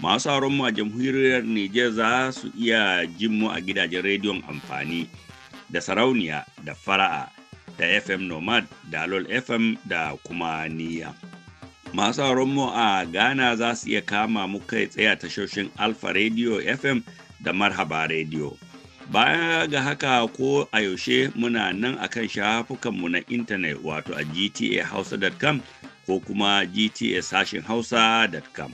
masu sauran mu a jamhuriyar Nijar za su iya jin mu a gidajen rediyon amfani da sarauniya da fara'a da FM Nomad da Alol FM da kuma Niya. Masu sauran mu a Ghana za su iya kama mu kai tsaya tashoshin Alfa Radio FM da Marhaba Radio. Baya ga haka ko a yaushe muna nan akan shafukanmu na intanet wato a gtahausa.com ko kuma gta hausa.com.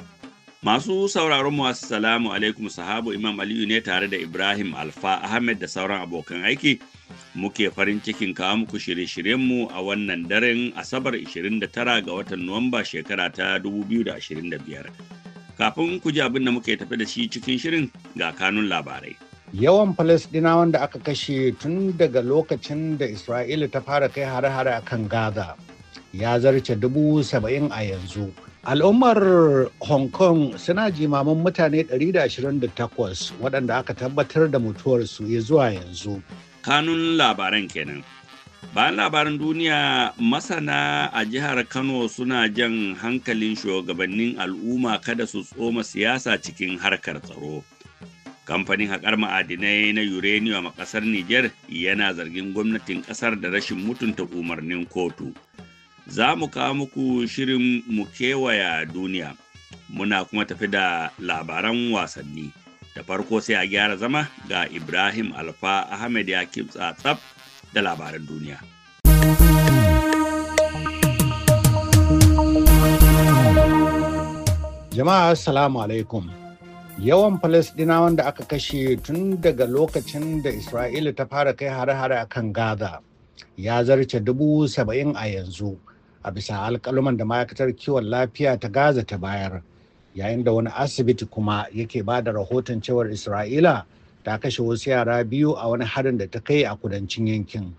Masu sauraron mu assalamu alaikum sahabu Imam Aliyu ne tare da Ibrahim Alfa Ahmed da sauran abokan aiki muke farin cikin kawo muku shirye mu a wannan daren Asabar 29 ga watan Nuwamba shekara ta 2025. Kafin ku ji abin da muke tafi da shi cikin shirin ga kanun labarai. Yawan Falasɗina wanda aka kashe tun daga lokacin da Isra'ila ta fara kai hare-hare a kan Gaza ya zarce dubu saba'in a yanzu. al'ummar hong kong suna jimamin mutane 128 waɗanda aka tabbatar da mutuwarsu ya zuwa yanzu kanun labaran kenan bayan labaran duniya masana a jihar kano suna jan hankalin shugabannin al'umma kada su tsoma siyasa cikin harkar tsaro kamfanin haƙar ma'adinai na uranium a ƙasar niger yana zargin gwamnatin ƙasar da rashin mutunta umarnin kotu za mu kawo muku shirin mu kewaya duniya muna kuma tafi da labaran wasanni da farko sai a gyara zama ga ibrahim alfa ahmed ya kimtsa da labaran duniya jama'a assalamu alaikum yawan falasdinawan da aka kashe tun daga lokacin da isra'ila ta fara kai hare-hare a kan gaza ya zarce dubu saba'in a yanzu a bisa alkaluman da ma'aikatar kiwon lafiya ta gaza ta bayar yayin da wani asibiti kuma yake ba da rahoton cewar isra'ila ta kashe wasu yara biyu a wani harin da ta kai a kudancin yankin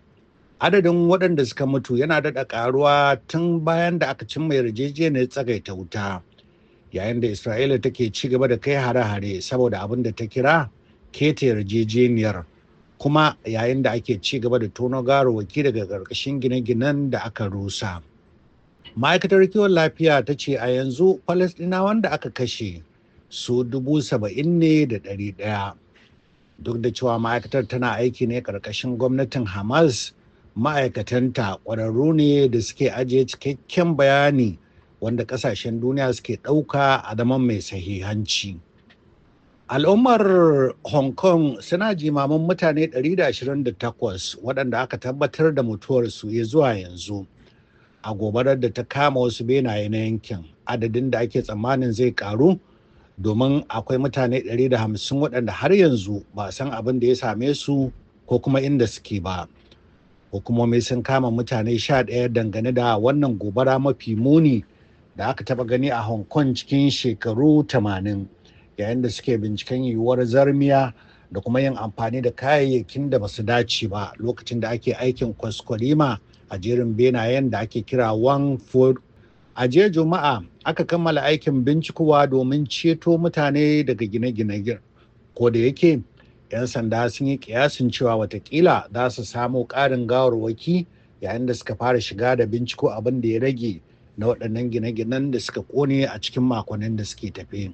adadin waɗanda suka mutu yana daɗa ƙaruwa tun bayan da aka cimma yarjejeniyar tsagaita wuta yayin da isra'ila take ci gaba da kai hare-hare saboda abin da ta kira keta yarjejeniyar kuma yayin da ake ci gaba da tono garowaki daga ƙarƙashin gine-ginen da aka rusa. ma'aikatar kiwon lafiya ta ce a yanzu falasɗinawan wanda aka kashe su dubu saba'in ne da ɗari ɗaya duk da cewa ma'aikatar tana aiki ne ƙarƙashin gwamnatin hamas ma'aikatanta ƙwararru ne da suke ajiye cikakken bayani wanda ƙasashen duniya suke ɗauka a zaman mai sahihanci al'ummar hong kong suna jimamin mutane 128 waɗanda aka tabbatar da mutuwarsu ya zuwa yanzu a gobarar da ta kama wasu benaye na yankin adadin da ake tsammanin zai karu domin akwai mutane 150 waɗanda har yanzu ba san abin da ya same su ko kuma inda suke ba hukumomi sun kama mutane 11 dangane da wannan gobara mafi muni da aka taba gani a hong kong cikin shekaru 80 yayin da suke binciken yiwuwar zarmiya da kuma yin amfani da kayayyakin da ba su dace ba lokacin da ake aikin kwaskwalima a jerin benayen da ake kira one Ford. A jiya Juma'a aka kammala aikin bincikowa domin ceto mutane daga gine-gine ko da yake 'yan sanda sun yi kiyasin cewa watakila za su samo ƙarin gawarwaki yayin da suka fara shiga da binciko abin da ya rage na waɗannan gine-ginen da suka kone a cikin makonnin da suke tafe.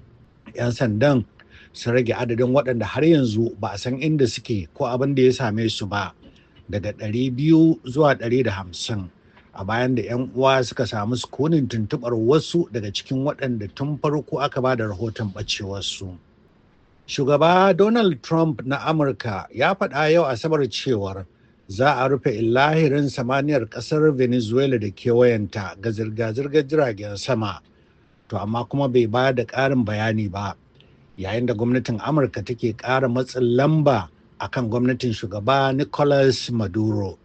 'yan sandan sun rage adadin waɗanda har yanzu ba a san inda suke ko abin da ya same su ba daga 200 zuwa 150 a bayan da 'yan uwa suka samu sukunin tuntubar wasu daga cikin waɗanda tun farko aka ba da rahoton ɓacewarsu. Shugaba Donald Trump na Amurka ya faɗa yau Asabar cewar za a rufe lahirin samaniyar ƙasar Venezuela da kewayenta ga zirga-zirgar jiragen sama, to amma kuma bai ba da ƙarin bayani ba, yayin da gwamnatin Amurka take ƙara matsin lamba a kan gwamnatin shugaba Nicolas Maduro.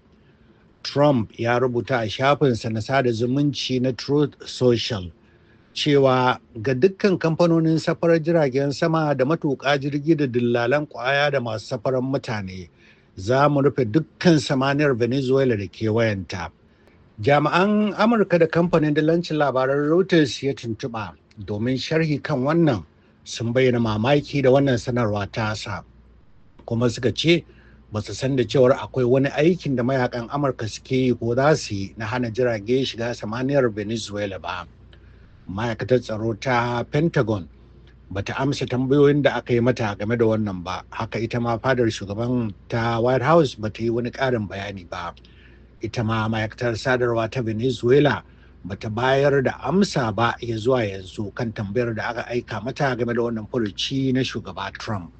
Trump ya rubuta a shafinsa na sada zumunci na Truth Social cewa ga dukkan kamfanonin safarar jiragen sama da matuƙa jirgi da dillalan ƙwaya da masu safarar mutane za mu rufe dukkan samaniyar Venezuela da kewayenta. Jami'an Amurka da kamfanin dalancin labaran Reuters ya tuntuɓa domin sharhi kan wannan sun bayyana mamaki da wannan sanarwa ta sa. kuma suka ce ba su san da cewar akwai wani aikin da mayakan amurka suke yi ko za su yi na hana jirage shiga samaniyar venezuela ba ma'aikatar tsaro ta pentagon ba ta amsa tambayoyin da aka yi mata game da wannan ba haka ita ma fadar shugaban ta white house ba ta yi wani ƙarin bayani ba ita ma ma'aikatar sadarwa ta venezuela ba ta bayar da amsa ba ya zuwa yanzu kan tambayar da aka aika mata game da wannan furuci na shugaba trump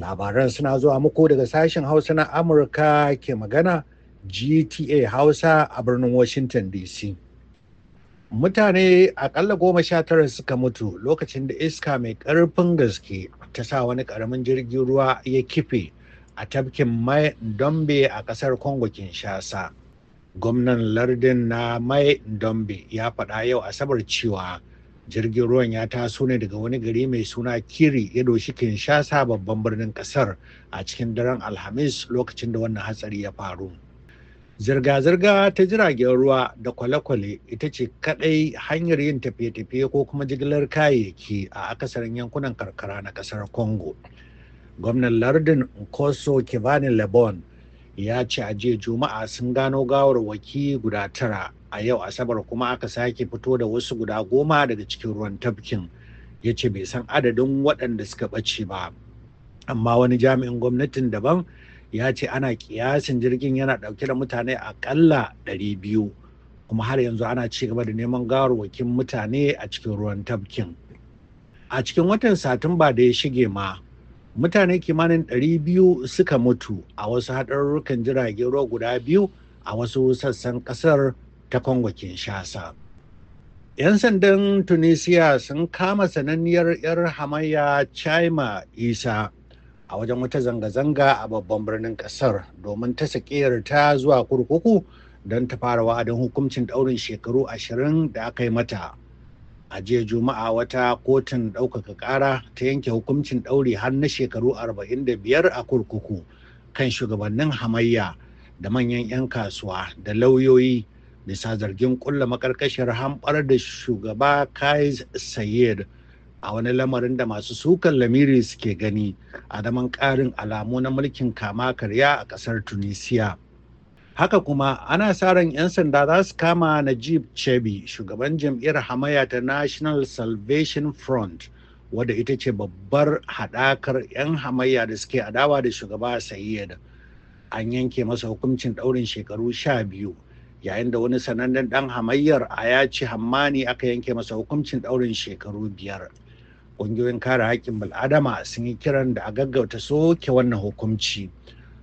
Labaran suna zuwa muku daga sashen Hausa na Amurka ke magana GTA Hausa a birnin Washington DC. Mutane akalla goma sha tara suka mutu lokacin da iska mai ƙarfin gaske ta sa wani ƙaramin jirgin ruwa ya kife a tafkin mai dombe a ƙasar Congo Kinshasa. Gwamnan lardin na mai dombe ya faɗa yau Asabar cewa jirgin ruwan ya taso ne daga wani gari mai suna kiri ya doshi kinshasa babban birnin kasar a cikin daren alhamis lokacin da wannan hatsari ya faru zirga-zirga ta jiragen ruwa da kwale-kwale ita ce kadai hanyar yin tafiye-tafiye ko kuma jigilar kayayyaki a akasarin yankunan karkara na kasar congo gwamnan lardin koso kivanin lebon ya ce a jiya juma'a sun gano gawar waki guda tara a yau asabar kuma aka sake fito da wasu guda goma daga cikin ruwan tafkin ya ce bai san adadin waɗanda suka ɓace ba amma wani jami'in gwamnatin daban ya ce ana kiyasin jirgin yana ɗauke da mutane aƙalla biyu, kuma har yanzu ana ci gaba da neman gawar wakin mutane a cikin ruwan tafkin a cikin watan satumba da ya shige ma mutane kimanin 200 suka mutu a wasu haɗarurrukan jiragen ruwa guda biyu a wasu sassan ƙasar ta Kongo Kinshasa. 'Yan sandan tunisiya sun kama sananniyar 'yar hamayya Chaima Isa a wajen wata zanga-zanga a babban birnin ƙasar domin ta ta zuwa kurkuku don ta fara wa'adin hukuncin ɗaurin shekaru ashirin da aka yi mata. a jiya juma'a wata kotun ɗaukaka ƙara ta yanke hukuncin ɗauri har na shekaru 45 a kurkuku kan shugabannin hamayya da manyan 'yan kasuwa da lauyoyi bisa zargin kulla makarkashiyar hamɓar da shugaba kais sayed a wani lamarin da masu sukan lamiri suke gani a daman ƙarin alamu na mulkin kama karya a ƙasar tunisia haka kuma ana sa ran 'yan sanda za su kama najib chebi shugaban jam'iyyar hamayya ta national salvation front wadda ita ce babbar haɗakar 'yan hamayya da suke adawa da shugaba sayyid an yanke masa hukuncin ɗaurin shekaru sha biyu yayin da wani sanannen ɗan hamayyar a ya ci hammani aka yanke masa hukuncin ɗaurin shekaru biyar ƙungiyoyin kare haƙƙin bil'adama sun yi kiran da a gaggauta soke wannan hukunci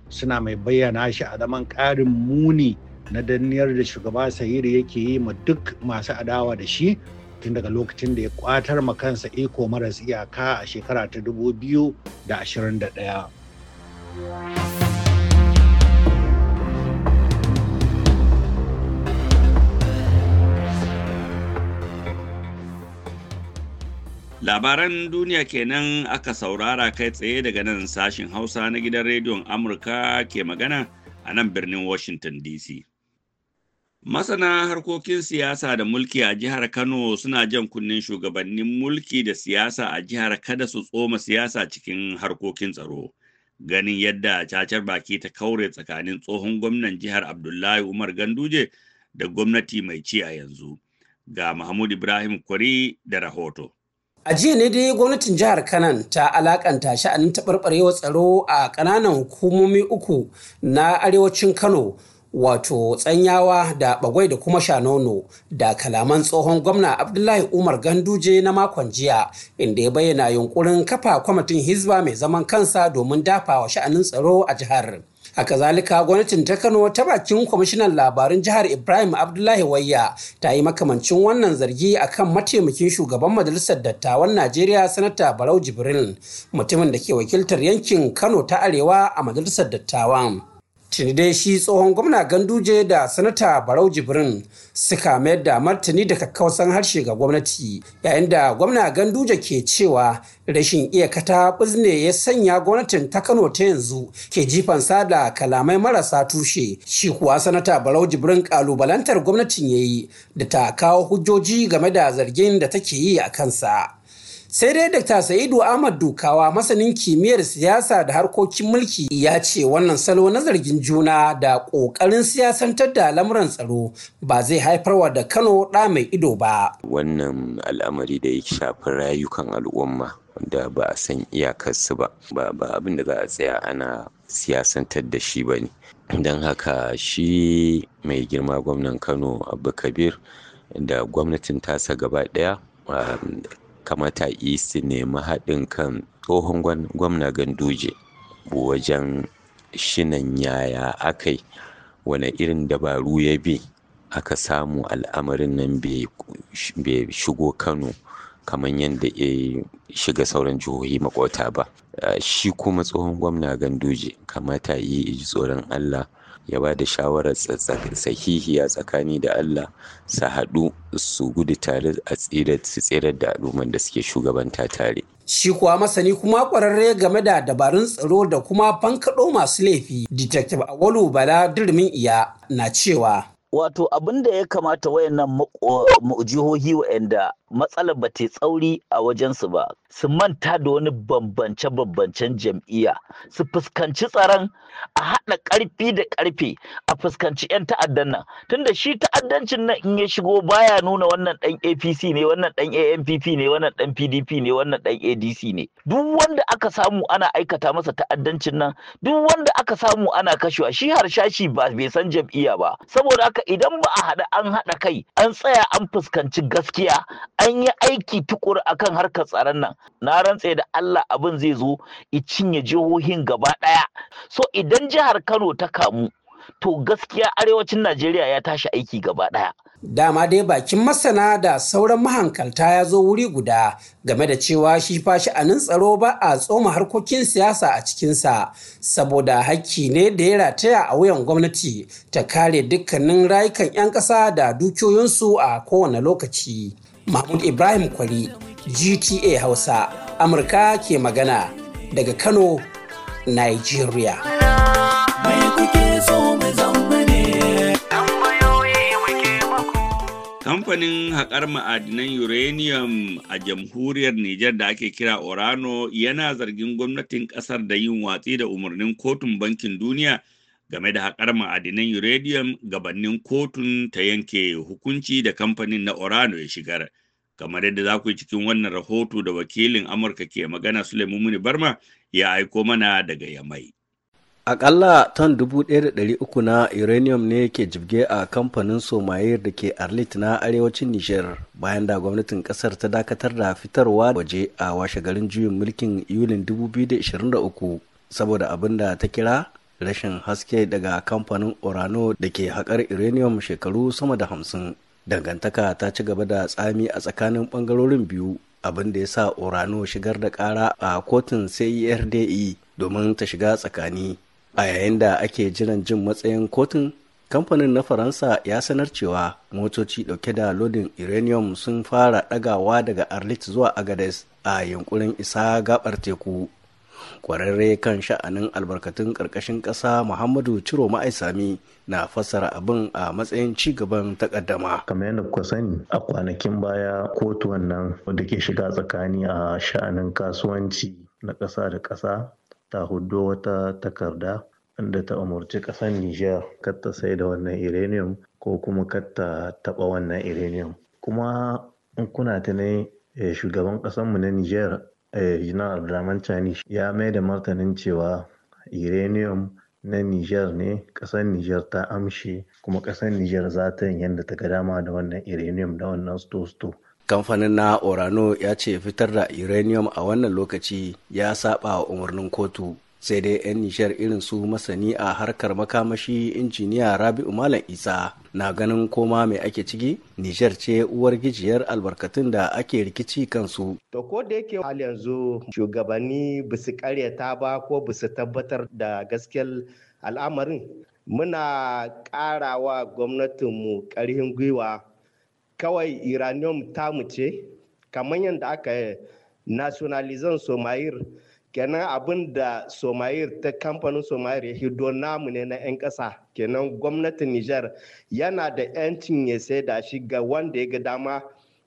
suna mai bayyana shi a zaman ƙarin muni na danniyar da shugaba sayiri yake yi ma duk masu adawa da shi tun daga lokacin da ya kwatar ma kansa iko maras iyaka a shekara ta 2021 Labaran duniya kenan aka saurara kai tsaye daga nan sashin Hausa na gidan rediyon Amurka ke magana a nan birnin Washington DC. Masana harkokin siyasa da mulki a jihar Kano suna jan kunnen shugabannin mulki da siyasa a jihar kada su tsoma siyasa cikin harkokin tsaro. Ganin yadda cacar baki ta kaure tsakanin tsohon gwamnan jihar Abdullahi Umar Ganduje da gwamnati mai ci a yanzu. Ga Mahmud Ibrahim Kwari da rahoto. A jiya ne dai gwamnatin jihar Kanan ta alakanta sha'anin taɓarɓarewar tsaro a ƙananan hukumomi uku na arewacin Kano wato tsanyawa da bagwai da kuma shanono da kalaman tsohon gwamna Abdullahi Umar Ganduje na makon jiya inda ya bayyana yunkurin kafa kwamitin hizba mai zaman kansa domin dafa wa sha'anin tsaro a jihar. a kazalika gwamnatin ta kano ta bakin kwamishinan labarun jihar ibrahim abdullahi wayya ta yi makamancin wannan zargi akan mataimakin shugaban majalisar dattawan najeriya sanata barau jibril mutumin da ke wakiltar yankin kano ta arewa a majalisar dattawan dai shi tsohon gwamna ganduje da sanata barau jibrin suka mayar da martani da kakkausan harshe ga gwamnati yayin da gwamna ganduje ke cewa rashin iya kata bizne ya sanya gwamnatin ta kano ta yanzu ke jifan sada kalamai marasa tushe shi kuwa sanata barau jibrin kalubalantar gwamnatin ya yi da ta kawo hujjoji game da zargin da take yi a kansa sai dai dr sa'idu ahmad dukawa masanin kimiyyar siyasa da harkokin mulki ya ce wannan salo na zargin juna da ƙoƙarin siyasantar da lamuran tsaro ba zai haifarwa da kano ɗa mai ido ba wannan al'amari da ya shafi rayukan al'umma da ba a san iyakarsu ba ba abin da za a tsaya ana siyasantar da shi ba ne don haka shi mai girma gwamnan kano abu kabir da gwamnatin tasa gaba ɗaya um, kamata yi su nemi haɗin kan tsohon gwamna ganduje wajen shinan yaya akai wane irin dabaru ya bi aka samu al'amarin nan bai shigo kano kamar yadda ya shiga sauran jihohi makota ba shi kuma tsohon gwamna ganduje kamata yi ji tsoron allah ya ba da shawarar sahihiya tsakani da Allah su haɗu su gudu tare a su tsirar da al'ummar da suke shugabanta tare. Shi kuwa masani kuma ƙwararre game da dabarun tsaro da kuma fankaɗo masu laifi, Detective Awolu Bala Durmin Iya na cewa. Wato abin da ya kamata wayannan jihohi wayanda matsalar ba ta tsauri a wajensu ba su manta da wani bambance-bambancen jam'iyya su fuskanci tsaron a haɗa ƙarfi da ƙarfe a fuskanci 'yan ta'addan nan tunda shi ta'addancin nan in ya shigo baya nuna wannan ɗan apc ne wannan ɗan ampp ne wannan ɗan pdp ne wannan ɗan adc ne duk wanda aka samu ana aikata masa ta'addancin nan duk wanda aka samu ana kashewa shi harshashi ba bai san jam'iyya ba saboda haka idan ba a haɗa an haɗa kai an tsaya an fuskanci gaskiya an yi aiki tukur akan harkar tsaron nan na rantse da Allah abin zai zo i cinye jihohin gaba ɗaya so idan jihar Kano ta kamu to gaskiya arewacin Najeriya ya tashi aiki gaba ɗaya dama dai bakin masana da sauran mahankalta ya zo wuri guda game da cewa shi fa sha'anin tsaro ba a tsoma harkokin siyasa a cikinsa saboda hakki ne da ya rataya a wuyan gwamnati ta kare dukkanin rayukan 'yan ƙasa da dukiyoyinsu a kowane lokaci Mahmud Ibrahim Kwari GTA Hausa Amurka ke magana daga Kano, Nigeria. Kamfanin haƙar ma'adinan uranium a jamhuriyar Nijar da ake kira Orano yana zargin gwamnatin ƙasar da yin watsi da umarnin kotun bankin duniya game da haƙar ma'adinan uranium gabanin kotun ta yanke hukunci da kamfanin na Orano ya shigar. Kamar yadda za ku yi cikin wannan rahoto da wakilin Amurka ke magana Suleiman Muni Barma ya aiko mana daga Yamai. Akalla ton 1,300 na uranium ne ke jibge a kamfanin Somayir da ke Arlit na arewacin Nijar bayan da gwamnatin kasar ta dakatar da fitarwa waje a washe garin juyin mulkin Yulin 2023 saboda abin da ta kira rashin haske daga kamfanin orano da ke haƙar uranium shekaru sama da hamsin dangantaka ta ci gaba da tsami a tsakanin ɓangarorin biyu abin da ya sa orano shigar da ƙara a kotun cerde e domin ta shiga tsakani a yayin da ake jiran jin matsayin kotun kamfanin na faransa ya sanar cewa motoci dauke da lodin uranium sun fara dagawa daga arlit zuwa agades a yunkurin isa gabar teku kwararre kan sha'anin albarkatun ƙarƙashin ƙasa muhammadu ciro ma'aisami na fassara abin a matsayin ci gaban takaddama kamar yadda kuka sani a kwanakin baya kotu wannan wanda ke shiga tsakani a sha'anin kasuwanci na ƙasa da ƙasa ta hudu wata takarda inda ta umarci ƙasar niger kar ta sai da wannan uranium ko kuma kar ta taɓa wannan uranium. Kuma in kuna ta ne eh, shugaban ƙasarmu na niger Janar eh, abdulrahman Chani ya mai da martanin cewa uranium na Nijar ne ƙasar Nijar ta amshe kuma ƙasar Nijar za ta yin yadda ta ga dama da wannan uranium da wannan sto-sto. Kamfanin na Orano ya ce fitar da uranium a wannan lokaci ya saba wa umarnin kotu. sai dai 'yan nishar irin su masani a harkar makamashi injiniya rabi'u malam isa na ganin koma mai ake ciki nishar ce uwar gijiyar albarkatun da ake rikici kansu to ko da yake hal yanzu shugabanni ba su karyata ba ko ba su tabbatar da gaskiyar al'amarin muna karawa gwamnatinmu karhin gwiwa kawai iranium tamu ce kamar yadda aka nationalism somayir kenan abin da somayir ta kamfanin somayir ya hido namu ne na 'yan ƙasa kenan gwamnatin nijar yana da 'yancin ya sai da shi ga wanda ya ga dama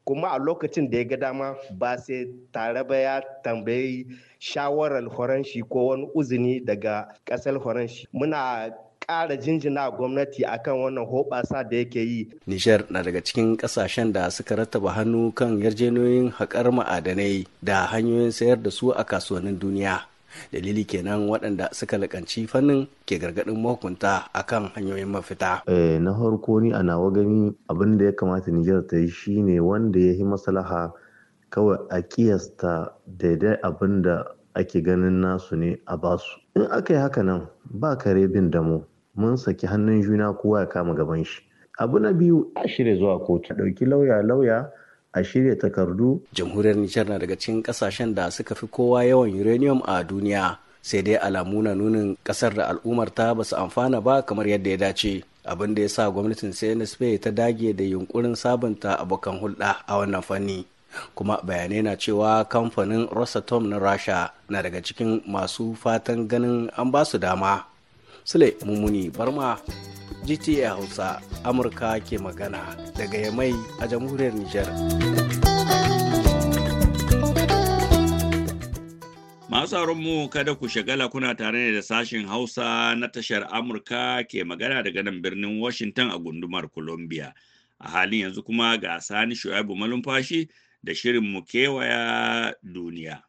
kuma a lokacin da ya ga dama ba sai tare ba ya tambayi shawarar horon shi ko wani uzini daga ƙasar horon shi muna ƙara jinjina a gwamnati akan wannan hoɓasa da yake yi. Nijar na daga cikin ƙasashen da suka rattaba hannu kan yarjejeniyoyin haƙar ma'adanai da hanyoyin sayar da su a kasuwannin duniya. dalili kenan waɗanda suka lakanci fannin ke gargaɗin mahukunta akan hanyoyin mafita. Eh, na farko ni a nawa gani abin da ya kamata Nijar ta yi shine wanda ya yi masalaha kawai a kiyasta daidai abin da ake ganin nasu ne a basu. In aka yi haka nan ba kare bin damo mun saki hannun juna kowa ya kama gaban shi abu na biyu a shirya zuwa kotu ɗauki lauya lauya a shirya takardu jamhuriyar nijar na daga cikin kasashen da suka fi kowa yawan uranium a duniya sai dai alamu na nunin kasar da al'ummar ta basu amfana ba kamar yadda ya dace abin da ya sa gwamnatin cnsp ta dage da yunkurin sabunta abokan hulɗa a wannan fanni kuma bayanai na cewa kamfanin rosatom na rasha na daga cikin masu fatan ganin an ba su dama Sule Mummuni Barma GTA Hausa Amurka ke magana daga Yamai a jamhuriyar Nijar. Masu mu kada ku shagala kuna tare da sashin Hausa na tashar Amurka ke magana daga nan birnin Washington a gundumar Columbia. A halin yanzu kuma ga sani shu'abu malumfashi da shirin mu kewaya duniya.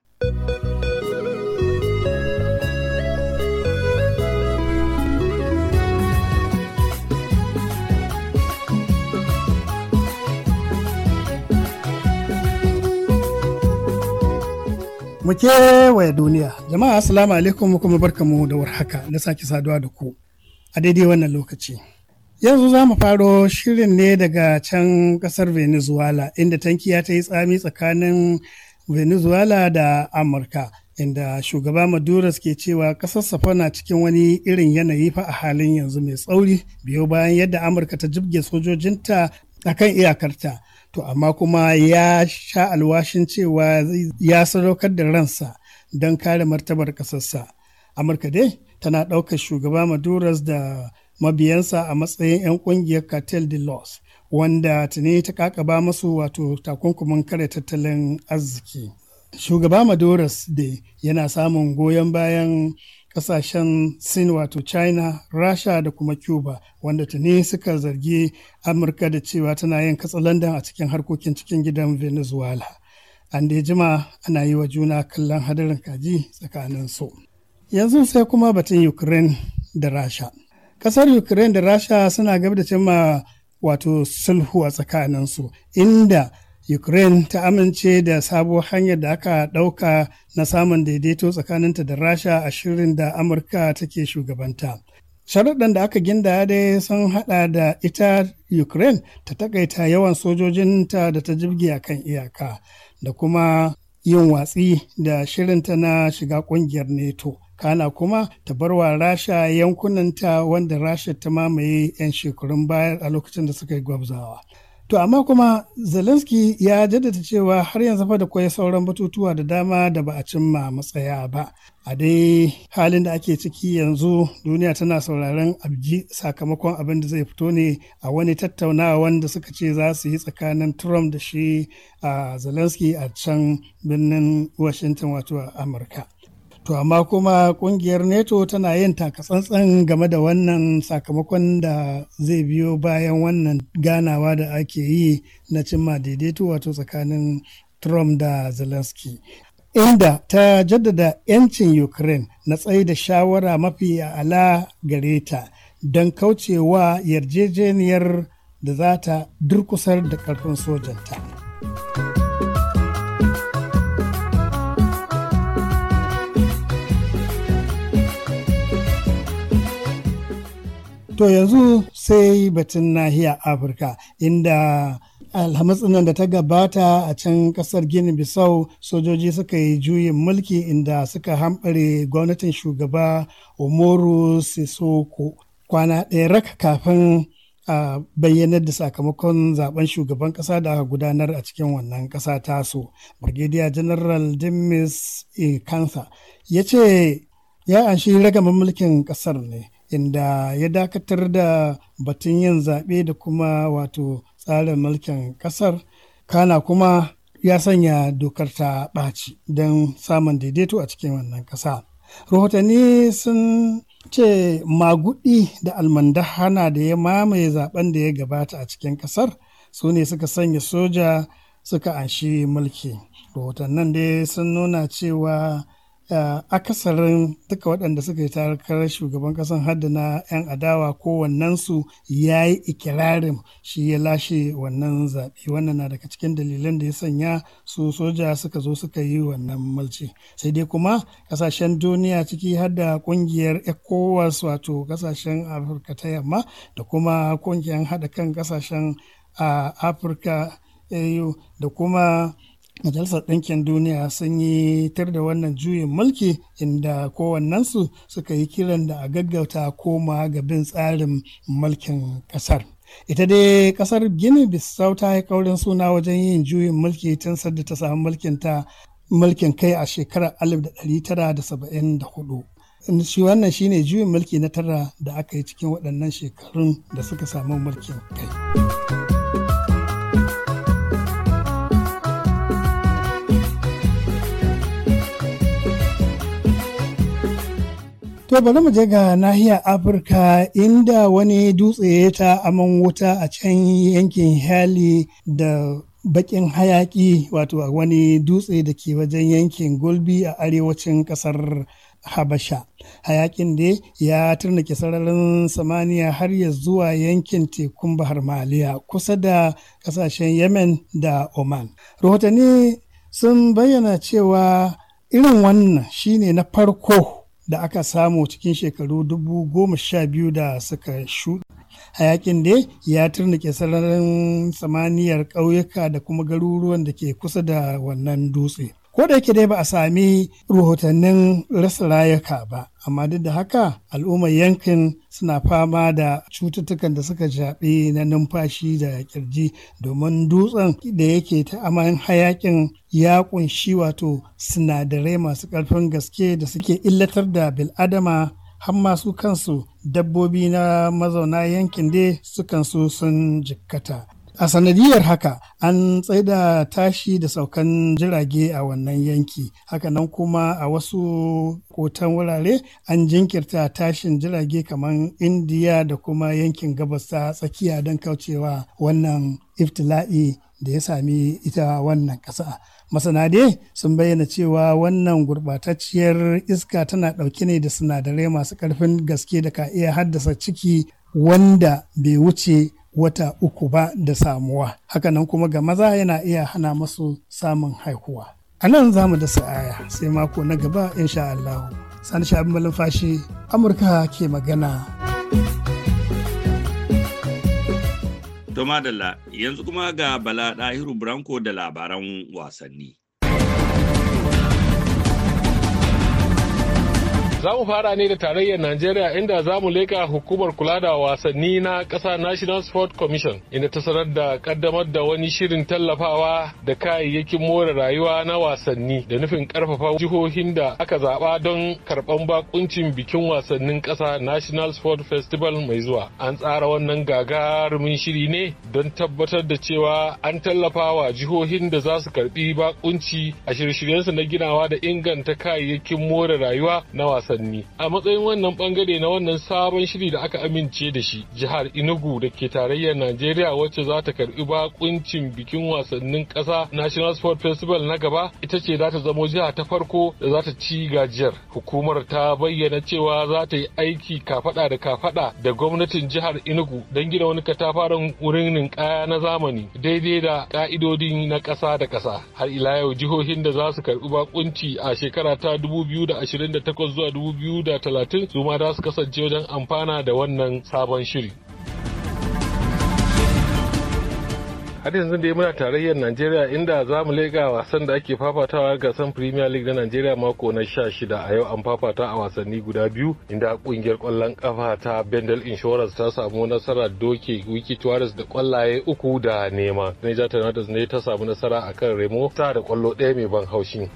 mu kewaye duniya jama'a assalamu alaikum kuma barkamu da warhaka na sake saduwa da ku a daidai wannan lokaci yanzu za mu faro shirin ne daga can kasar venezuela inda tankiya ta yi tsami tsakanin venezuela da amurka inda shugaba maduras ke cewa kasar safa na cikin wani irin yanayi fa a halin yanzu mai tsauri biyo bayan yadda amurka ta jibge sojojinta akan iyakarta to amma kuma ya sha alwashin cewa ya sadaukar da ransa don kare martabar ƙasarsa amurka dai tana ɗaukar shugaba maduras da mabiyansa a matsayin 'yan ƙungiyar cartel de los wanda tuni ta kakaba masu wato takunkumin kare tattalin arziki shugaba maduras dai yana samun goyon bayan kasashen sin wato china rasha da kuma cuba wanda tuni suka zargi amurka da cewa tana yin katsalandan a cikin harkokin cikin gidan venezuela an da jima ana yi wa juna kallon hadarin kaji tsakanin su yanzu sai kuma batun ukraine da rasha kasar ukraine da rasha suna gab da cimma wato sulhu a su inda ukraine ta amince da sabuwar hanyar da aka ɗauka na samun daidaito tsakaninta da rasha a shirin da amurka take shugabanta sharaɗan da aka ginda dai sun haɗa da ita ukraine ta takaita yawan sojojinta da ta jirgi a kan iyaka da kuma yin watsi da shirinta na shiga ƙungiyar neto kana kuma ta bar wa rasha yankunanta wanda rasha ta mamaye 'yan shekarun baya a lokacin da suka yi gwabzawa To amma kuma Zelensky ya jaddada cewa har yanzu fa da kwai sauran batutuwa da dama da ba a cimma matsaya ba. A dai halin da ake ciki yanzu duniya tana sauraren abji sakamakon abin da zai fito ne a wani tattaunawa wanda suka ce za su yi tsakanin Trump da shi a ah, Zelensky a can birnin Washington wato a Amurka. to amma kuma kungiyar neto tana yin takatsantsan game da wannan sakamakon da zai biyo bayan wannan ganawa da ake yi na cimma daidaito wato tsakanin trump da zelensky inda ta jaddada 'yancin ukraine na tsaye da shawara mafi ala gare ta don kaucewa yarjejeniyar da za ta durkusar da ƙarfin sojanta. To yanzu sai batun nahiyar Afirka inda alhamis nan da ta gabata a can kasar gini bisau sojoji suka yi juyin mulki inda suka hamɓare gwamnatin shugaba umaru sisoko kwana ɗaya raka kafin a bayyanar da sakamakon zaben shugaban ƙasa da aka gudanar a cikin wannan kasa taso brigadier general dimis kansa ya ce ya shi ragaman mulkin ƙasar ne inda ya dakatar da batun yin zaɓe da kuma wato tsarin mulkin ƙasar kana kuma ya sanya dokar ta ɓaci don samun daidaito a cikin wannan ƙasa rahotanni sun ce magudi da almandahana da ya mamaye zaben da ya gabata a cikin ƙasar su ne suka sanya soja suka anshi mulki rahotannin dai sun nuna cewa akasarin duka waɗanda suka yi takarar shugaban ƙasan hadda na 'yan adawa kowannensu ya yi ikirarin shi ya lashe wannan zaɓe wannan na daga cikin dalilan da ya sanya su soja suka zo suka yi wannan mulci. sai dai kuma ƙasashen duniya ciki har ƙungiyar ecowas wato ƙasashen afirka ta yamma da kuma ƙungiyar haɗa kan ƙasashen afirka au da kuma Majalisar Ɗinkin Duniya sun yi tar da wannan juyin mulki inda kowannensu suka yi kiran da a gaggauta koma ga bin tsarin mulkin ƙasar. Ita dai ƙasar Gini bisau ta yi kaurin suna wajen yin juyin mulki tun sadda ta samu mulkin ta mulkin kai a shekarar 1974. Shi wannan shine juyin mulki na tara da aka yi cikin waɗannan shekarun da suka samu mulkin kai. To bari mu je ga nahiyar Afirka inda wani dutse ya ta aman wuta a can yankin Hali da bakin hayaki wato wani dutse da ke wajen yankin Gulbi a arewacin kasar Habasha. Hayakin da ya turnake sararin samaniya har ya zuwa yankin tekun Bahar Maliya kusa da kasashen Yemen da Oman. Rahotanni sun bayyana cewa irin wannan shine na farko da aka samu cikin shekaru dubu goma sha biyu da suka shuɗe. Hayakin dai ya turnike sararin samaniyar ƙauyuka da kuma garuruwan da ke kusa da wannan dutse. ko da yake dai ba a sami rahotannin rasa rayuka ba amma duk da haka al'ummar yankin suna fama da cututtukan da suka shafi na numfashi da kirji domin dutsen da yake ta aman hayakin ya kunshi wato sinadarai masu ƙarfin gaske da suke illatar da bil'adama har masu kansu dabbobi na mazauna yankin dai sukan so sun jikkata a sanadiyar haka an tsaida tashi da saukan jirage a wannan yanki hakanan kuma a wasu kotan wurare an jinkirta tashin jirage kamar indiya da kuma yankin gabas ta tsakiya don kaucewa wannan iftila'i da ya sami ita wannan ƙasa masana dai sun bayyana cewa wannan gurɓatacciyar iska tana ɗauke ne da sinadarai masu ƙarfin gaske da ka iya haddasa ciki wanda bai wuce wata uku ba da samuwa hakanan kuma ga maza yana iya hana masu samun haihuwa a nan za mu da sa'aya sai mako na gaba insha Allah sani shabin malumfashi amurka ke magana to yanzu kuma ga bala ɗahiru branko da labaran wasanni Za mu fara ne da tarayyar Najeriya inda za mu leka hukumar kula da wasanni na ƙasa National Sport Commission inda ta sanar da ƙaddamar da wani shirin tallafawa da kayayyakin more rayuwa na wasanni da nufin karfafa jihohin da aka zaɓa don karɓan bakuncin bikin wasannin ƙasa National Sport Festival mai zuwa. An tsara wannan gagarumin shiri ne don tabbatar da cewa an tallafa wa jihohin da za su karɓi bakunci a shirye-shiryensu na ginawa da inganta kayayyakin more rayuwa na wasanni. wasanni a matsayin wannan bangare na wannan sabon shiri da aka amince da shi jihar inugu da ke tarayyar Najeriya wacce za ta karbi bakuncin bikin wasannin kasa National Sport Festival na gaba ita ce za ta zamo jiha ta farko da za ta ci gajiyar hukumar ta bayyana cewa za ta yi aiki kafada da kafada da gwamnatin jihar inugu don gina wani katafaren wurin ninkaya na zamani daidai da ka'idodi na ƙasa da ƙasa har ila yau jihohin da za su karbi bakunci a shekara ta 2028 zuwa dubu da su ma za su kasance wajen amfana da wannan sabon shiri. har yanzu dai muna tarayyar Najeriya inda za mu lega wasan da ake fafatawa gasar Premier League na Najeriya mako na 16 a yau an fafata a wasanni guda biyu inda kungiyar kwallon kafa ta Bendel Insurance ta samu nasara doke Wiki da kwallaye uku da nema. Niger Tornadoes ne ta samu nasara akan Remo ta da kwallo ɗaya mai ban haushi.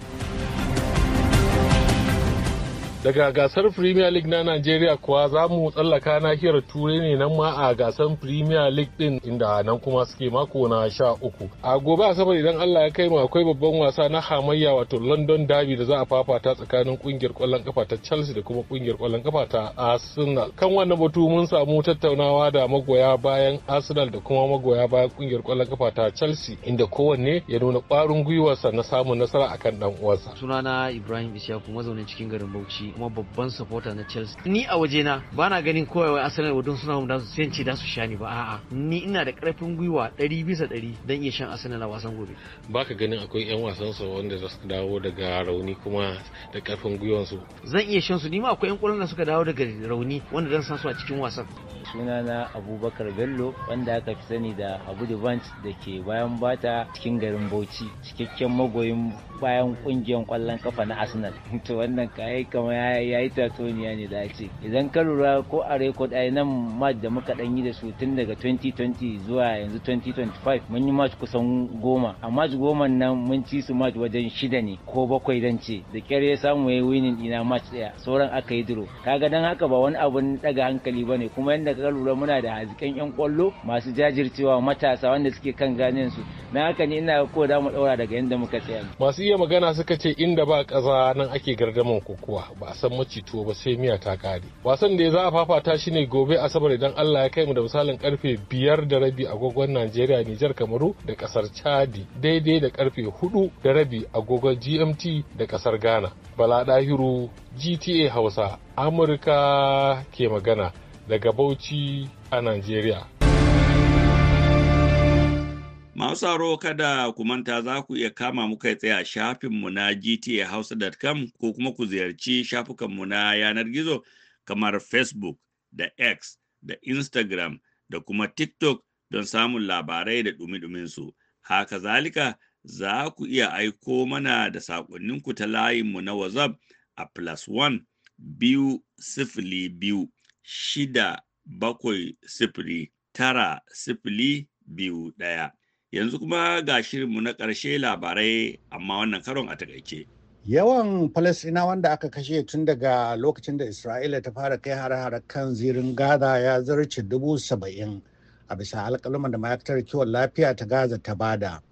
daga gasar premier league na nigeria kuwa za mu tsallaka nahiyar turai ne nan ma a gasar premier league din inda nan kuma suke mako na sha uku a gobe asabar idan allah ya kai mu akwai babban wasa na hamayya wato london derby da za a fafata tsakanin kungiyar kwallon kafa ta chelsea da kuma kungiyar kwallon kafa ta arsenal kan wannan batu mun samu tattaunawa da magoya bayan arsenal da kuma magoya bayan kungiyar kwallon kafa ta chelsea inda kowanne ya nuna kwarin gwiwarsa na samun nasara akan dan uwarsa sunana ibrahim isyaku mazaunin cikin garin bauchi kuma babban supporter na Chelsea ni a waje na ba na ganin kowai Arsenal wadon suna da su ce da su sha ni ba a'a ni ina da karfin gwiwa 100 bisa 100 dan iya shan Arsenal a wasan gobe baka ganin akwai yan wasan su wanda za su dawo daga rauni kuma da karfin su. zan iya shan su ni ma akwai yan kullun da suka dawo daga rauni wanda zan san su a cikin wasan sunana abubakar bello wanda aka fi sani da abu divanch da ke bayan bata cikin garin bauchi cikakken magoyin bayan kungiyar kwallon kafa na arsenal to wannan kayi kama ya yi tatoniya ne da ce idan ka lura ko a record daya nan match da muka dan yi da su tun daga 2020 zuwa yanzu 2025 mun yi match kusan goma a match goma nan mun ci su match wajen shida ne ko bakwai dan ce da kyar ya samu ya yi winning ina match daya sauran aka yi duro kaga dan haka ba wani abun daga hankali bane kuma yanda ka lura muna da hasken yan kwallo masu jajircewa matasa wanda suke kan ganin su na haka ne ina ko da mu daura daga yanda muka tsaya masu iya magana suka ce inda ba kaza nan ake gardaman kokowa ba a san macituwa ba sai miya ta kare wasan da ya za a fafata shi ne gobe asabar idan Allah ya kai mu da misalin karfe biyar da rabi agogon Najeriya Nijar Kamaru da kasar Chadi daidai da karfe hudu da rabi agogon GMT da kasar Ghana Bala Dahiru GTA Hausa Amurka ke magana daga Bauchi a Najeriya. Masu sauraro kada ku manta za ku iya kama mu kai tsaye a shafinmu na gtahouse.com ko kuma ku ziyarci shafukanmu na yanar gizo kamar Facebook da X da Instagram da kuma TikTok don samun labarai da dumi-duminsu. Haka zalika za ku iya aiko mana da saƙonninku ta layinmu na WhatsApp a plus one biyu sifili biyu shida bakwai sifili tara sifili biyu ɗaya. Yanzu kuma ga shirinmu na ƙarshe labarai amma wannan karon a takaice. Yawan Falasina wanda aka kashe tun daga lokacin da Isra'ila ta fara kai har-hare kan zirin Gaza ya zarce dubu saba'in a bisa alƙaluman da ma'aikatar kiwon lafiya ta Gaza ta bada.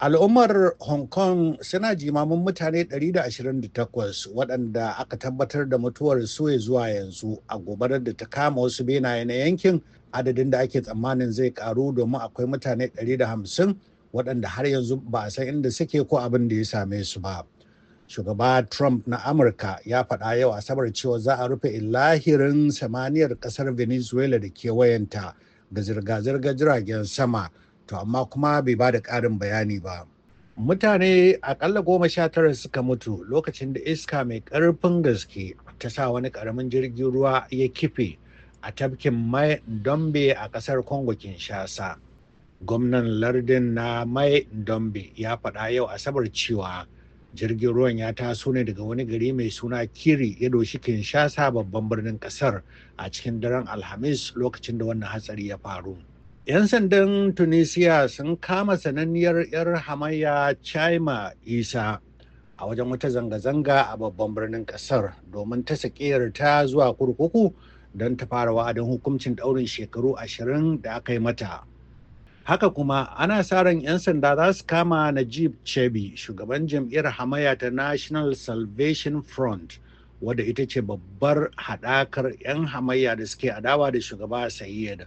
al'ummar hong kong suna jimamin mutane 128 waɗanda aka tabbatar da mutuwar suwe zuwa yanzu a gobarar da ta kama wasu benaye na yankin adadin da ake tsammanin zai karu domin akwai mutane 150 waɗanda har yanzu ba a san inda suke ko abin da ya same su ba shugaba trump na amurka ya faɗa yau asabar cewa za a rufe lahirin samaniyar ƙasar venezuela da kewayenta da zirga-zirgar jiragen sama to amma kuma bai ba da ƙarin bayani ba mutane akalla goma sha tara suka mutu lokacin da iska mai ƙarfin gaske ta sa wani ƙaramin jirgin ruwa ya kife a tafkin mai dombe a ƙasar congo kinshasa gwamnan lardin na mai dombe ya faɗa yau asabar cewa jirgin ruwan ya taso ne daga wani gari mai suna kiri ya doshi kinshasa babban birnin Ƙasar a cikin daren alhamis lokacin da wannan hatsari ya faru 'Yan sandan Tunisia sun kama sananniyar 'yar hamayya Chaima Isa a wajen wata zanga-zanga a babban birnin kasar domin ta ta zuwa kurkuku don ta fara wa'adin hukuncin daurin shekaru ashirin da aka yi mata. Haka kuma ana sa ran 'yan sanda za su kama Najib Chebi, shugaban jam'iyyar hamayya ta National Salvation Front, wadda ita ce babbar haɗakar 'yan hamayya da suke adawa da shugaba Sayyid.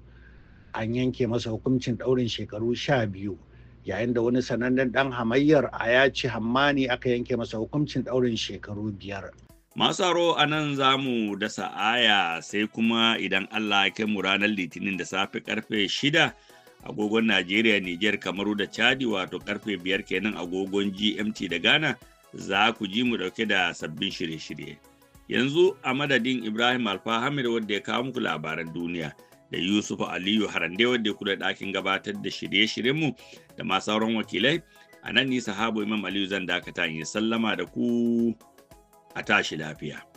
an yanke masa hukuncin ɗaurin shekaru sha biyu yayin da wani sanannen ɗan hamayyar a ya ci hammani aka yanke masa hukuncin ɗaurin shekaru biyar. Masaro a nan za mu dasa aya sai kuma idan Allah ya mu ranar litinin da safe karfe shida agogon Najeriya, Nijar, Kamaru da Chadi wato karfe biyar kenan agogon GMT da Ghana za ku ji mu dauke da sabbin shirye-shirye. Yanzu a madadin Ibrahim Alfa Hamid wadda ya kawo muku labaran duniya. da Yusuf Aliyu Harande wanda ya kula ɗakin gabatar da shirye-shiryenmu da masu sauran wakilai. A nan ni sahabu Imam Aliyu zan dakata in sallama da ku a tashi lafiya.